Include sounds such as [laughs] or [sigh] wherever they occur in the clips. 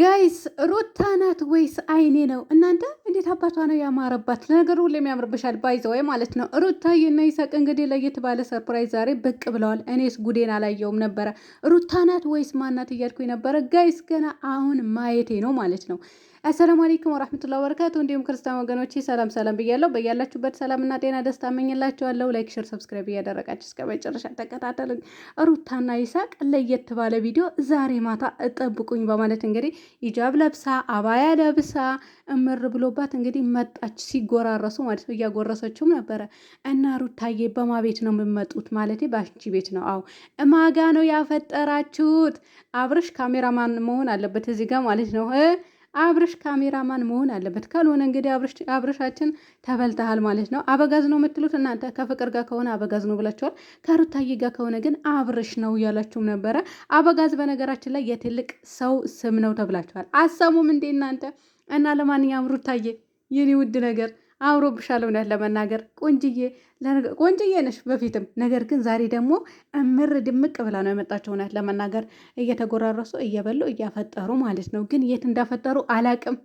ጋይስ ሩታ ናት ወይስ አይኔ ነው? እናንተ እንዴት አባቷ ነው ያማረባት ነገር ሁሉ የሚያምርብሻል፣ ባይዘወይ ማለት ነው። ሩታዬ እና ይሳቅ እንግዲህ ለየት ባለ ሰርፕራይዝ ዛሬ ብቅ ብለዋል። እኔስ ጉዴን አላየውም ነበረ። ሩታ ናት ወይስ ማናት እያልኩኝ ነበረ ጋይስ። ገና አሁን ማየቴ ነው ማለት ነው። አሰላሙ አለይኩም ወራህመቱላሂ ወበረካቱ እንዲሁም ክርስቲያን ወገኖቼ ሰላም ሰላም ብያለሁ። በያላችሁበት ሰላምና ጤና ደስታ እመኝላችኋለሁ። ላይክ፣ ሼር፣ ሰብስክራይብ እያደረጋችሁ እስከ መጨረሻ ተከታተሉኝ። ሩታና ይሳቅ ለየት ባለ ቪዲዮ ዛሬ ማታ እጠብቁኝ በማለት እንግዲህ ኢጃብ ለብሳ አባያ ለብሳ እምር ብሎባት እንግዲህ መጣች። ሲጎራረሱ ማለት ነው። እያጎረሰችውም ነበረ እና ሩታዬ በማ ቤት ነው የምመጡት ማለቴ ባንቺ ቤት ነው። አዎ እማጋ ነው ያፈጠራችሁት። አብርሽ ካሜራማን መሆን አለበት እዚህ ጋር ማለት ነው። አብርሽ ካሜራማን መሆን አለበት። ካልሆነ እንግዲህ አብርሻችን ተበልተሃል ማለት ነው። አበጋዝ ነው የምትሉት እናንተ ከፍቅር ጋር ከሆነ አበጋዝ ነው ብላችኋል። ከሩታዬ ጋር ከሆነ ግን አብርሽ ነው እያላችሁም ነበረ። አበጋዝ በነገራችን ላይ የትልቅ ሰው ስም ነው ተብላችኋል። አሰሙም እንዴ እናንተ እና ለማንኛውም ሩታዬ የኔ ውድ ነገር አምሮብሻል። እውነት ለመናገር ቆንጅዬ ቆንጅዬ ነሽ በፊትም፣ ነገር ግን ዛሬ ደግሞ እምር ድምቅ ብላ ነው የመጣቸው። እውነት ለመናገር እየተጎራረሱ እየበሉ እያፈጠሩ ማለት ነው። ግን የት እንዳፈጠሩ አላቅም።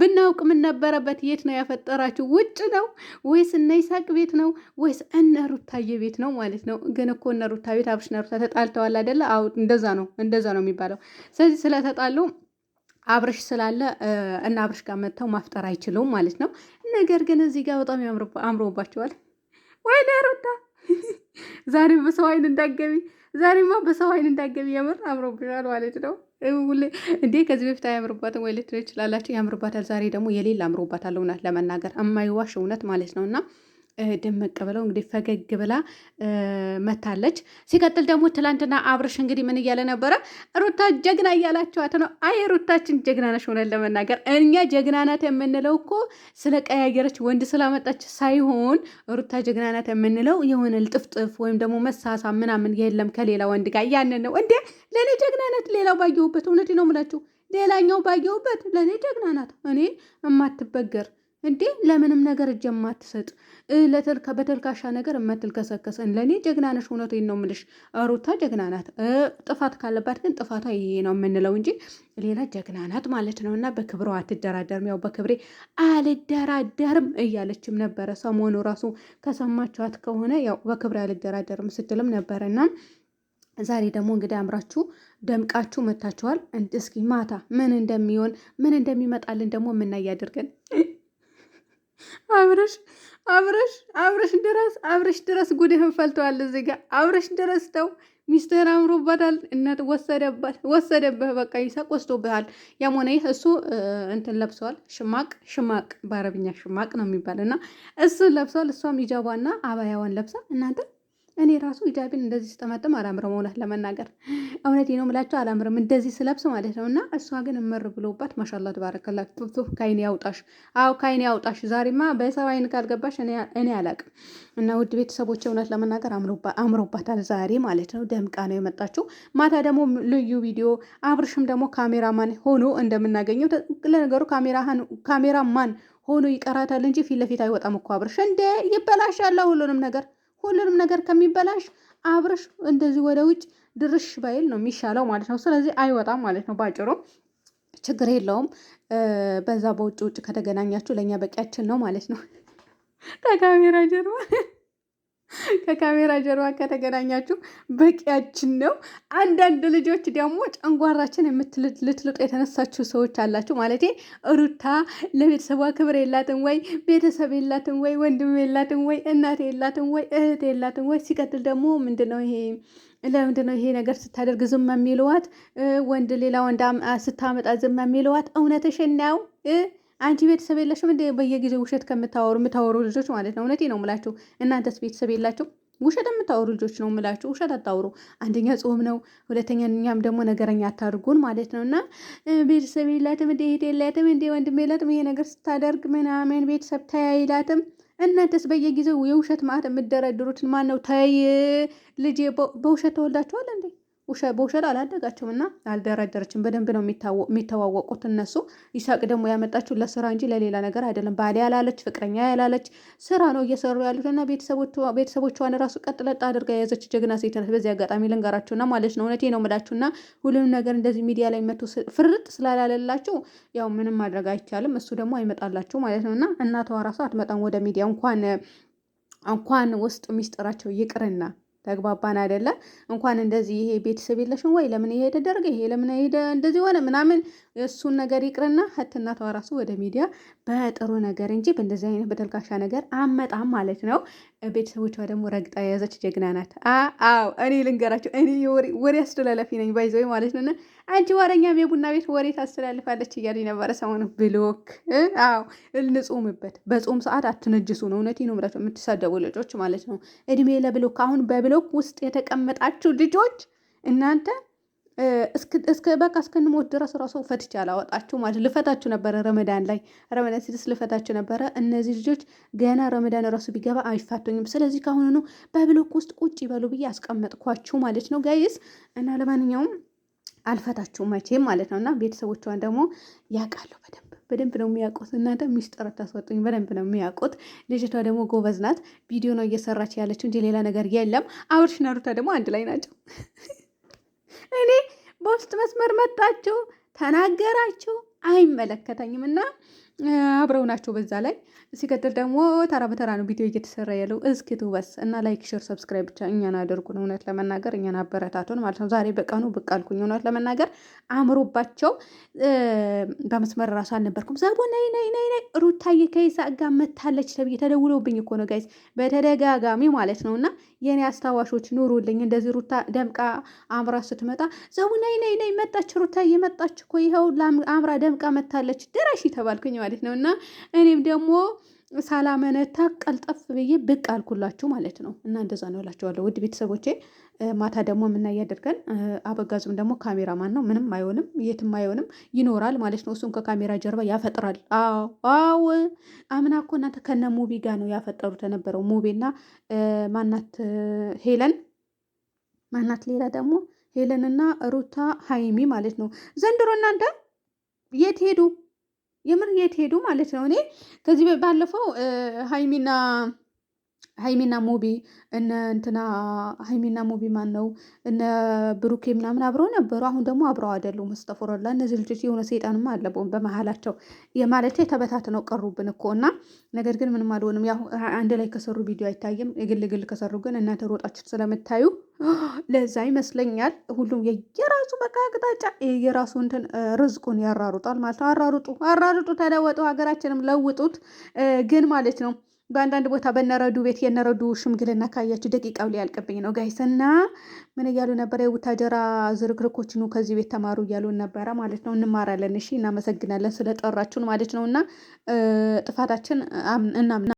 ብናውቅ ምን ነበረበት? የት ነው ያፈጠራችሁ? ውጭ ነው ወይስ እነ ይሳቅ ቤት ነው ወይስ እነ ሩታዬ ቤት ነው ማለት ነው? ግን እኮ እነ ሩታ ቤት አብርሽና ሩታ ተጣልተዋል አይደለ? አዎ፣ እንደዛ ነው እንደዛ ነው የሚባለው። ስለዚህ ስለተጣሉ አብርሽ ስላለ እና አብርሽ ጋር መጥተው ማፍጠር አይችሉም ማለት ነው። ነገር ግን እዚህ ጋር በጣም አምሮባቸዋል። ወይኔ ሩታ ዛሬ በሰው አይን እንዳገቢ፣ ዛሬማ በሰው አይን እንዳገቢ። የምር አምሮብሻል ማለት ነው እንዴ! ከዚህ በፊት አያምርባትም ወይ ልትችላላችሁ? ያምርባታል። ዛሬ ደግሞ የሌላ አምሮባታል። እውነት ለመናገር የማይዋሽ እውነት ማለት ነው እና ድምቅ ብለው እንግዲህ ፈገግ ብላ መታለች። ሲቀጥል ደግሞ ትላንትና አብርሽ እንግዲህ ምን እያለ ነበረ? ሩታ ጀግና እያላችኋት ነው። አይ ሩታችን ጀግና ነሽ። ሆነን ለመናገር እኛ ጀግና ናት የምንለው እኮ ስለ ቀያየረች ወንድ ስላመጣች ሳይሆን ሩታ ጀግና ናት የምንለው የሆነ ልጥፍጥፍ ወይም ደግሞ መሳሳ ምናምን የለም ከሌላ ወንድ ጋር ያንን ነው እንዴ። ለእኔ ጀግና ናት። ሌላው ባየሁበት እውነት ነው የምላችሁ ሌላኛው ባየሁበት ለእኔ ጀግና ናት። እኔ እማትበገር እንዴ ለምንም ነገር እጅ የማትሰጥ በተልካሻ ነገር የማትልከሰከሰን ለእኔ ጀግና ነሽ። እውነቴን ነው የምልሽ፣ ሩታ ጀግና ናት። ጥፋት ካለባት ግን ጥፋቷ ይሄ ነው የምንለው እንጂ ሌላ ጀግና ናት ማለት ነው። እና በክብሯ አትደራደርም፣ ያው በክብሬ አልደራደርም እያለችም ነበረ። ሰሞኑ ራሱ ከሰማችኋት ከሆነ ያው በክብሬ አልደራደርም ስትልም ነበረ እና ዛሬ ደግሞ እንግዲህ አምራችሁ ደምቃችሁ መታችኋል። እስኪ ማታ ምን እንደሚሆን ምን እንደሚመጣልን ደግሞ የምናይ አድርገን አብረሽ አብረሽ አብረሽ ድረስ አብረሽ ድረስ ጉድህን ፈልተዋል። እዚህ ጋር አብረሽ ድረስ ተው። ሚስትህን አምሮባታል። እናት ወሰደበት ወሰደብህ። በቃ ይሳቅ ወስዶብሃል። ያም ሆነ ይህ እሱ እንትን ለብሷል። ሽማቅ ሽማቅ፣ በአረብኛ ሽማቅ ነው የሚባል እና እሱ ለብሷል። እሷም ኢጃባና አባያዋን ለብሳ እናንተ እኔ ራሱ ሂጃቤን እንደዚህ ስጠመጥም አላምርም። እውነት ለመናገር እውነት ነው የምላቸው አላምርም፣ እንደዚህ ስለብስ ማለት ነው። እና እሷ ግን እምር ብሎባት ማሻላ ተባረከላ። ቱፍ ከአይኔ ያውጣሽ። አዎ ከአይኔ ያውጣሽ። ዛሬማ በሰብ አይን ካልገባሽ እኔ አላቅም። እና ውድ ቤተሰቦች እውነት ለመናገር አምሮባታል ዛሬ ማለት ነው። ደምቃ ነው የመጣችው። ማታ ደግሞ ልዩ ቪዲዮ፣ አብርሽም ደግሞ ካሜራማን ሆኖ እንደምናገኘው ለነገሩ ካሜራማን ሆኖ ይቀራታል እንጂ ፊት ለፊት አይወጣም እኮ አብርሽ። እንዴ ይበላሻል ሁሉንም ነገር ሁሉንም ነገር ከሚበላሽ አብርሽ እንደዚህ ወደ ውጭ ድርሽ ባይል ነው የሚሻለው ማለት ነው። ስለዚህ አይወጣም ማለት ነው ባጭሩ። ችግር የለውም በዛ በውጭ ውጭ ከተገናኛችሁ ለእኛ በቂያችን ነው ማለት ነው። ከካሜራ ጀርባ ከካሜራ ጀርባ ከተገናኛችሁ በቂያችን ነው። አንዳንድ ልጆች ደግሞ ጨንጓራችን የምትልጥልጡ የተነሳችሁ ሰዎች አላችሁ። ማለቴ ሩታ ለቤተሰቧ ክብር የላትም ወይ ቤተሰብ የላትም ወይ ወንድም የላትም ወይ እናት የላትም ወይ እህት የላትም ወይ? ሲቀጥል ደግሞ ምንድነው ይሄ ለምንድን ነው ይሄ ነገር ስታደርግ ዝም የሚለዋት? ወንድ ሌላ ወንድ ስታመጣ ዝም የሚለዋት? እውነትሽን ነው። አንቺ ቤተሰብ የለሽም እንደ በየጊዜው ውሸት ከምታወሩ የምታወሩ ልጆች ማለት ነው። እውነቴ ነው የምላችሁ። እናንተስ ቤተሰብ የላችሁ? ውሸት የምታወሩ ልጆች ነው የምላችሁ። ውሸት አታውሩ። አንደኛ ጾም ነው፣ ሁለተኛ እኛም ደግሞ ነገረኛ አታድርጉን ማለት ነው። እና ቤተሰብ የላትም እንደ እህት የላትም እንደ ወንድም የላትም ይሄ ነገር ስታደርግ ምናምን ቤተሰብ ተያይላትም እናንተስ በየጊዜው የውሸት ማዕት የምደረድሩትን ማን ነው? ተይ ልጄ፣ በውሸት ተወልዳችኋል እንዴ? በውሸት አላደጋቸውም እና አልደረደረችም። በደንብ ነው የሚተዋወቁት እነሱ። ይሳቅ ደግሞ ያመጣችው ለስራ እንጂ ለሌላ ነገር አይደለም። ባሌ ያላለች ፍቅረኛ ያላለች ስራ ነው እየሰሩ ያሉት እና ቤተሰቦቿን ራሱ ቀጥለጣ አድርጋ የያዘች ጀግና ሴት ናት። በዚህ አጋጣሚ ልንገራችሁና ማለት ነው እውነቴ ነው የምላችሁና ሁሉንም ነገር እንደዚህ ሚዲያ ላይ መቶ ፍርጥ ስላላለላችሁ ያው ምንም ማድረግ አይቻልም። እሱ ደግሞ አይመጣላችሁ ማለት ነው እና እናቷ ራሱ አትመጣም ወደ ሚዲያ እንኳን እንኳን ውስጥ ሚስጥራቸው ይቅርና ተግባባን አይደለ? እንኳን እንደዚህ ይሄ ቤተሰብ የለሽም ወይ? ለምን ይሄ ተደረገ? ይሄ ለምን ይሄ እንደዚህ ሆነ? ምናምን እሱን ነገር ይቅርና ህትናቷ ራሱ ወደ ሚዲያ በጥሩ ነገር እንጂ በእንደዚህ አይነት በተልካሻ ነገር አመጣም ማለት ነው። ቤተሰቦቿ ደግሞ ረግጣ የያዘች ጀግና ናት። አዎ እኔ ልንገራቸው፣ እኔ ወሬ አስተላለፊ ነኝ ባይዘወይ ማለት ነው። እና አንቺ ወረኛ የቡና ቤት ወሬ ታስተላልፋለች እያለ ነበረ ሰሞኑን። ብሎክ አዎ እንጹምበት። በጹም ሰዓት አትነጅሱ ነው። እውነቴ ነው የምላቸው የምትሳደቡ ልጆች ማለት ነው። እድሜ ለብሎክ። አሁን በብሎክ ውስጥ የተቀመጣችሁ ልጆች እናንተ እስከ በቃ እስከንሞት ድረስ ራሱ ፈትቼ አላወጣችሁ ማለት ልፈታችሁ ነበረ። ረመዳን ላይ ረመዳን ሲደርስ ልፈታችሁ ነበረ። እነዚህ ልጆች ገና ረመዳን ራሱ ቢገባ አይፋቱኝም። ስለዚህ ካሁኑ በብሎክ ውስጥ ቁጭ ይበሉ ብዬ አስቀመጥኳችሁ ማለት ነው ጋይስ እና ለማንኛውም አልፈታችሁ መቼም ማለት ነው እና ቤተሰቦቿን ደግሞ ያውቃለሁ በደንብ በደንብ ነው የሚያውቁት። እናንተ ሚስጥር ታስወጡኝ። በደንብ ነው የሚያውቁት። ልጅቷ ደግሞ ጎበዝ ናት። ቪዲዮ ነው እየሰራች ያለችው እንጂ ሌላ ነገር የለም። አብርሽና ሩታ ደግሞ አንድ ላይ ናቸው። [laughs] እኔ በውስጥ መስመር መጣችሁ ተናገራችሁ አይመለከተኝም እና አብረው ናቸው በዛ ላይ። ሲቀጥል ደግሞ ተራ በተራ ነው ቪዲዮ እየተሰራ ያለው። እስኪ በስ እና ላይክ፣ ሼር፣ ሰብስክራይብ ብቻ እኛን አደርጉን። እውነት ለመናገር እኛን አበረታቱን ማለት ነው። ዛሬ በቀኑ ብቅ አልኩኝ። እውነት ለመናገር አምሮባቸው በመስመር ራሱ አልነበርኩም። ዘቦ ነይ ነይ ነይ ነይ ሩታዬ ከይሳ ጋ መታለች ተብዬ ተደውለውብኝ እኮ ነው ጋይዝ፣ በተደጋጋሚ ማለት ነው። እና የኔ አስታዋሾች ኑሩልኝ። እንደዚህ ሩታ ደምቃ አምራ ስትመጣ ዘቡ ነይ ነይ ነይ መጣች ሩታዬ መጣች እኮ ይኸው አምራ ደምቃ መታለች ድረሽ ተባልኩኝ። ማለት ነው። እና እኔም ደግሞ ሳላመነታ ቀልጠፍ ብዬ ብቅ አልኩላችሁ ማለት ነው። እና እንደዛ ነው እላችኋለሁ ውድ ቤተሰቦቼ። ማታ ደግሞ የምናይ ያደርገን። አበጋዙም ደግሞ ካሜራማን ነው። ምንም አይሆንም፣ የትም አይሆንም፣ ይኖራል ማለት ነው። እሱም ከካሜራ ጀርባ ያፈጥራል። አዎ አዎ፣ አምና እኮ እናንተ ከነ ሙቢ ጋር ነው ያፈጠሩት የነበረው ሙቤና ማናት ሄለን ማናት ሌላ ደግሞ ሄለንና ሩታ ሀይሚ ማለት ነው። ዘንድሮ እናንተ የት ሄዱ? የምር የት ሄዱ ማለት ነው። እኔ ከዚህ ባለፈው ሀይሚና ሀይሚና ሙቢ እነ እንትና ሀይሚና ሙቢ ማን ነው እነ ብሩኬ ምናምን አብረው ነበሩ። አሁን ደግሞ አብረው አይደሉም። መስተፈሮላ እነዚህ ልጆች የሆነ ሰይጣንም አለበውን በመሀላቸው የማለት ተበታትነው ቀሩብን እኮ እና ነገር ግን ምንም አልሆንም። ያው አንድ ላይ ከሰሩ ቪዲዮ አይታይም። የግል ግል ከሰሩ ግን እናንተ ሮጣችን ስለምታዩ ለዛ ይመስለኛል ሁሉም የየራሱ በቃ አቅጣጫ የየራሱ እንትን ርዝቁን ያራሩጣል ማለት ነው። አራሩጡ፣ አራርጡ፣ ተለወጡ፣ ሀገራችንም ለውጡት ግን ማለት ነው በአንዳንድ ቦታ በነረዱ ቤት የነረዱ ሽምግልና ካያችሁ ደቂቃው ሊያልቅብኝ ነው ጋይስ። እና ምን እያሉ ነበረ? የቡታጀራ ዝርክርኮች ኑ ከዚህ ቤት ተማሩ እያሉ ነበረ ማለት ነው። እንማራለን። እሺ፣ እናመሰግናለን ስለጠራችሁን ማለት ነው። እና ጥፋታችን እናምና